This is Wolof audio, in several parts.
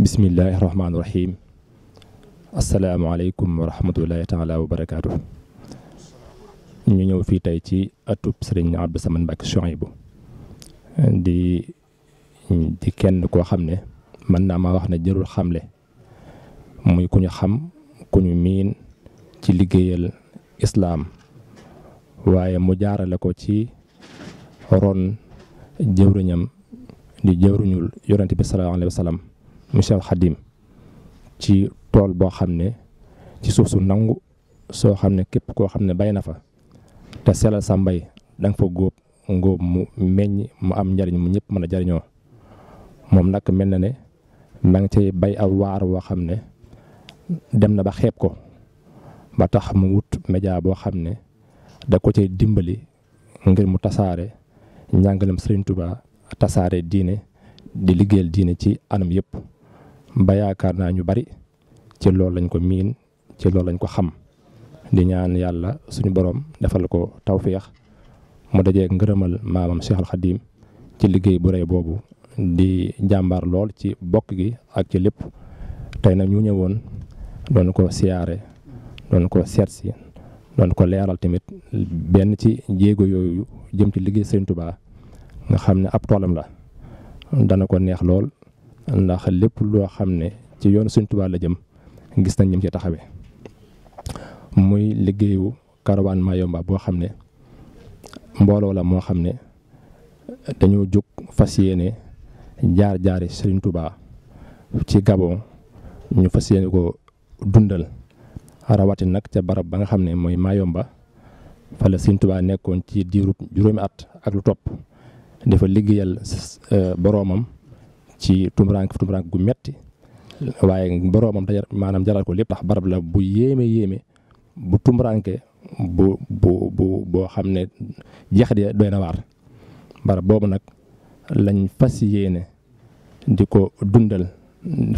bismillaahi rahmaani rahiim asalaamaaleykum wa rahmatulahi taala wa barakaatu ñu ñëw fii tey ci atub sëriñ Abdou Samane Mbacke Souhaïbou di di kenn koo xam ne mën naa ma wax ne jërul le muy ku ñu xam ku ñu miin ci liggéeyal islaam waaye mu jaarale ko ci ron jëwriñam di jëwruñul yonente bi sallallahu alayhi wa Xadim ci tool boo xam ne ci suuf su nangu soo xam ne képp koo xam ne bay na fa te selal sa mbay danga fa góob ngóob mu meññ mu am njariñ mu ñëpp mën a jariñoo moom nag mel na ne ma ngi cay bay aw waar woo xam ne dem na ba xeep ko ba tax mu wut média boo xam ne da ko cay dimbali ngir mu tasaare njàngalem Serigne Touba tasaare diine di liggéeyal diine ci anam yëpp ba yaakaar naa ñu bari ci loolu lañ ko miin ci loolu lañ ko xam di ñaan yàlla suñu borom defal ko tawféex mu dajee ngërëmal maamam Cheikhul Khadim ci liggéey bu rëy boobu di jàmbaar lool ci bokk gi ak ci lépp tey nag ñu ñëwoon doon ko siyaare doon ko seetsi doon ko leeral tamit benn ci jéego yooyu jëm ci liggéey Sëriñ nga xam ne ab toolam la dana ko neex lool ndax lépp loo xam ne ci yoonu Sëriñ la jëm gis nañ ñim ci taxawee muy liggéeyu karawaan Mayomba boo xam ne mbooloo la moo xam ne dañoo jóg fas yéene jaar jaari Serigne Touba ci Gabon ñu fas yéene ko dundal rawati nag ca barab ba nga xam ne mooy Mayomba fa la Serigne Touba nekkoon ci diirub juróomi at ak lu topp dafa liggéeyal euh, boroomam ci tumuraank tumuraank gu metti waaye boroomam maanaam jaral ko lépp ndax barab la bu yéeme yéeme bu tumuraanke bu bu boo xam ne jeex de doy na waar barab boobu nag lañ fas yéene di ko dundal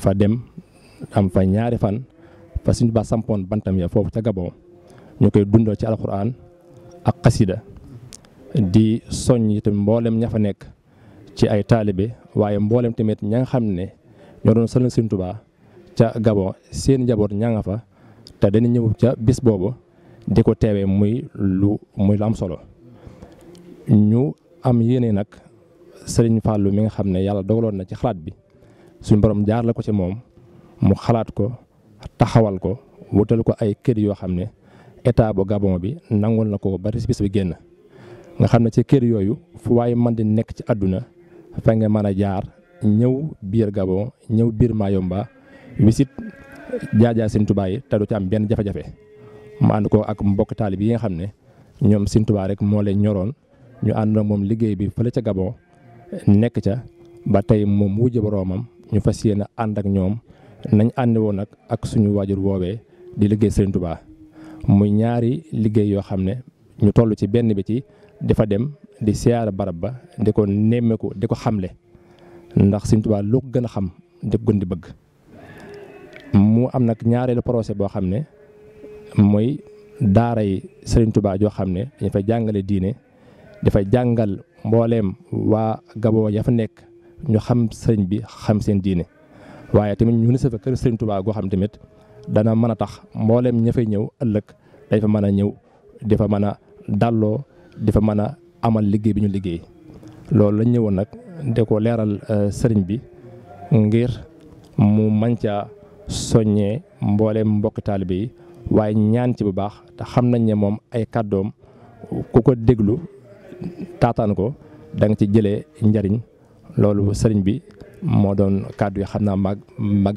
fa dem am fa ñaari fan fa suñu ba sampoon bantam ya foofu ca Gabon ñu koy dundal ci alxuraan ak xasida di soññ itam mboolem ña fa nekk ci ay taalibe waaye mbooleem tamit ña nga xam ne ñoo doon sëlal Sëriñ ca Gabon seen njaboot ña nga fa te dañu ñëw ca bis boobu di ko teewee muy lu muy lu am solo ñu am yéene nag sëriñ Fallou mi nga xam ne yàlla dogaloon na ci xalaat bi suñ borom jaar la ko ci moom mu xalaat ko taxawal ko wutal ko ay kër yoo xam ne état bu Gabon bi nangul na ko ba bis bi génn nga xam ne ci kër yooyu fu waaye mën di nekk ci àdduna fa nga mën a jaar ñëw biir Gabon ñëw biir Mayomba wisit jaajaa seen tubaay te du ci am benn jafe-jafe mu ànd ko ak mbokk taalib yi nga xam ne ñoom Sëñ Tuubaa rek moo leen ñoroon ñu ànd ak moom liggéey bi fële ca Gabon nekk ca ba tey moom wujj boroomam ñu fas yéene ànd ak ñoom nañ ànd woon nag ak suñu waajur woowee di liggéey Sëriñ Tuubaa muy ñaari liggéey yoo xam ne ñu toll ci benn bi ci dafa dem di siyaara barab ba di ko nemmeeku di ko xamle ndax Sëriñ Tuubaa loo ko gën a xam di gën di bëgg mu am nag ñaareelu projet boo xam ne mooy daaray Serigne tubaa joo xam ne dañu fa jàngale diine dafay jàngal mbooleem waa Gabon ya fa nekk ñu xam sëriñ bi xam seen diine waaye tamit ñu ne sa fa kër Serigne Touba goo xam tamit dana mën a tax mbooleem ña fay ñëw ëllëg dañ fa mën a ñëw di fa mën a dàlloo di fa mën a amal liggéey bi ñu liggéey loolu lañ ñëwoon nag di ko leeral euh, sëriñ bi ngir mu mën caa soññee mbooleem mbokki taalibe yi waaye ñaan ci bu baax te xam nañ ne moom ay kàddoom ku ko déglu taataan ko danga ci jële njariñ loolu sëriñ bi moo doon kàddu yi xam naa ma ma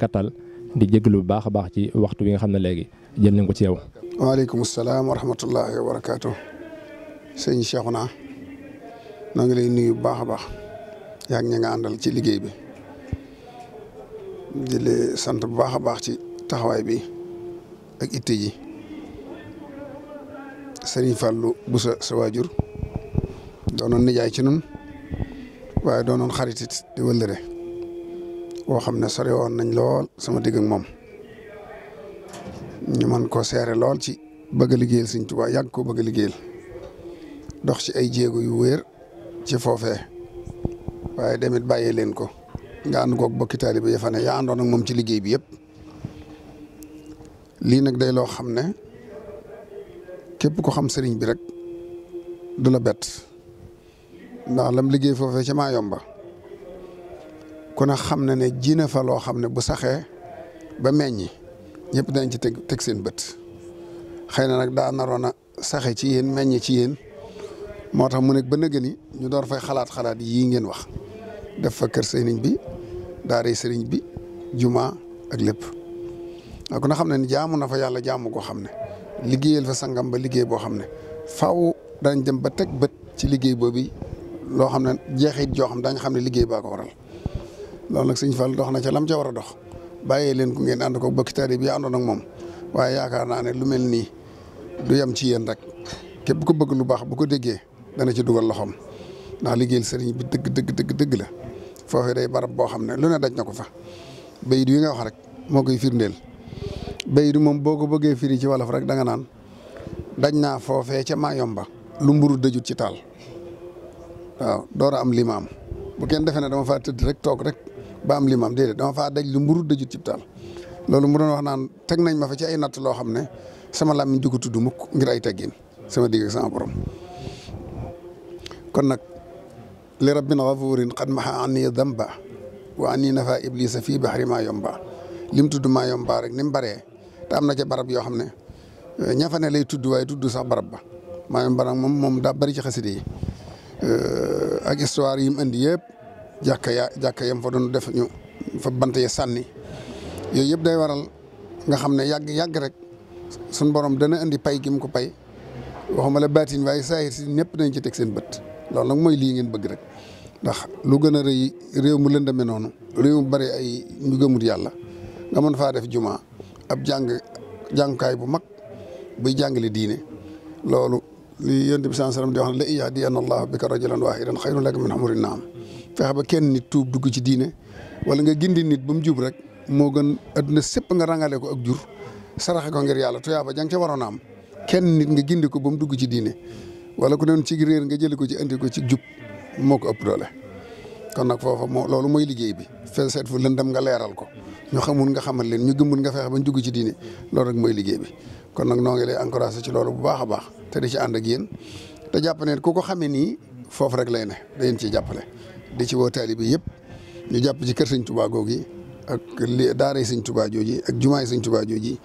di jéglu lu baax a baax ci waxtu bi nga xam ne léegi jël nañ ko ci yow. waaleykum salaam wa rahmatullahi wa barakaatu. sëñ naa noo ngi lay nuyu bu baax a baax yaa ngi ña nga àndal ci liggéey bi di la sant bu baax a baax ci taxawaay bi. ak itte ji sëriñ Fallou Boussa sa waajur doonoon nijaay ci nun waaye doonoon xaritit di wëllëre woo xam ne sore woon nañ lool sama digg moom ñu mën koo seere lool ci bëgg a liggéeyal Sëriñ Tuubaa yàgg koo bëgg a dox ci ay jéego yu wéer ci foofee waaye demit bàyyee leen ko nga ànd koog bokki taalibe ya fa ne yaa àndoon moom ci liggéey bi yëpp lii nag day loo xam ne képp ko xam sëriñ bi rek du la bett ndax lam liggéey foofee ca maa yomba kon ne xam na ne ji na fa loo xam ne bu saxee ba meññi ñépp dañ ci teg seen bët xëy na nag daa naroon a saxe ci yéen meññ ci yéen moo tax mu nekk ba nëgë ñu door fay xalaat xalaat yii ngeen wax def fa kër sëriñ bi daaree sëriñ bi jumaa ak lépp. ndax ku na xam ne ni jaamu na fa yàlla jaamu koo xam ne liggéeyal fa sangam ba liggéey boo xam ne faw danañ dem ba teg bët ci liggéey boobu loo xam ne jeexit joo xam daañu xam ne liggéey baa ko waral loolu nag sëñ fa dox na ca lam ca war a dox bàyyee leen ku ngeen ànd ko bokki taalibe bi àndoon moom waaye yaakaar naa ne lu mel nii du yem ci yéen rek képp ko bëgg lu baax bu ko déggee dana ci dugal loxoom ndax liggéeyal sëriñ bi dëgg dëgg dëgg la foofee day barab boo xam ne lu ne na ko fa bayit wi nga wax rek moo koy firndeel bayri moom boo ko bëggee firi ci wolof rek da nga naan dañ naa foofee ca Mayomba lu mburu dëjut ci taal waaw door a am limaam bu kenn defee ne dama faa tëdd rek toog rek ba am limaam déedéet dama faa daj lu mburu dëjut ci taal loolu mu doon wax naan teg nañ ma fa ci ay natt loo xam ne sama làmmiñ du ko tudd mukk ngir ay teggin sama digg ak sama borom kon nag li rabbin gafuurin qad maxa anni damba wa anni nafa iblisa fii baxri Mayomba lim tudd Mayumba rek ni mu baree te am na ca barab yoo xam ne euh, ña fa lay tudd waaye tudd sax barab ba Mayumba nag moom moom daa bari ci xasida yi euh, ak histoire yi mu indi yëpp jàkka ya jàkka yam foo doon def ñu fa bant ya sànni yooyu yëpp day waral nga xam ne yàgg yàgg rek suñ borom dana indi pay gi mu ko pay waxuma la baatin saa saahir si ñëpp dañ ci teg seen bët loolu nag mooy lii ngeen bëgg rek ndax lu gën a rëy réew mu lëndame noonu réew mu bari ay ñu yàlla dama faa def juma ab jàng jàngukaay bu mag buy jàngale diine loolu li yonent bi sallallahu alayhi wasallam di wax ne la yahdiyanna Allahu bika rajulan wahidan khayrun laka min na am fexe ba kenn nit tuub dugg ci diine wala nga gindi nit ba mu jub rek moo gën adduna sépp nga rangale ko ak jur saraxe ko ngir yàlla tuyaaba jang ca waroon am kenn nit nga gindi ko ba mu dugg ci diine wala ku doon ci nga jëli ko ci andi ko ci jub moo ko ëpp doole kon nag foofa moo loolu mooy liggéey bi fexe seet fu lëndam nga leeral ko ñu xamul nga xamal leen ñu gëmul nga fexe ba ñu ci diine loolu rek mooy liggéey bi kon nag noo ngi lay encouragé ci loolu bu baax a baax te di ci ànd ak yéen te jàpp ne ku ko xamee nii foofu rek ne da ciy jàppale di ci woo taalibe yëpp ñu jàpp ci kër sëñ Tuubaa googi ak li daaray sëñ Tuubaa jooji ak jumaay sëñ Tuubaa jooji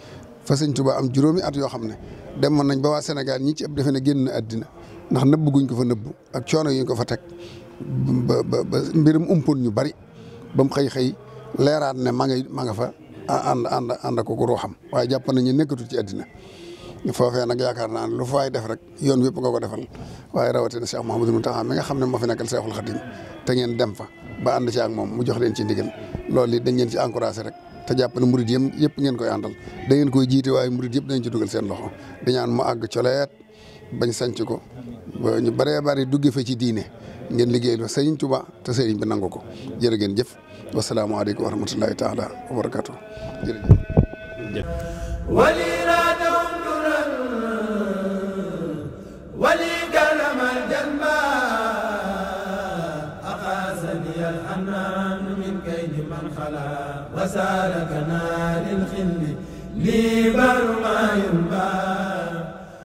fa sëñ Tuubaa am juróomi at yoo xam ne demoon nañ ba waa Sénégal ñi ci ëpp defee na génn àddina ndax nëbb guñ ko fa nëbbu ak coono yuñ ko fa teg ba ba mbirum umpoon ñu bari ba xëy xëy leeraat ne ma ngay ma nga fa ànd anda ànd ko ko ruuxam waaye jàpp ñu nekkatul ci àddina foofee nag yaakaar naa ne lu faay def rek yoon wépp nga ko defal waaye rawatina Cheikh Mouhamadou Mountakha mi nga xam ne moo fi nekkal Cheikhul Khadim te ngeen dem fa ba ànd ci ak moom mu jox leen ci ndigal loolu it dañ leen ci encouragé rek te jàpp ne murid yëm yëpp ngeen koy àndal da ngeen koy jiite waaye murid yëpp dañ ci dugal seen loxo di ñaan mu àgg coleet bañ sañc ko ñu bëree bëri dugge fa ci diine ngeen liggéey lu Sëriñ Tuubaa te sëriñ bi nangu ko jërë ngeen jëf wasalaamaaleykum wa rahmatullahi taala wa barakaatu jërëjëf وسالك نار الخل لي بر ما ينبغي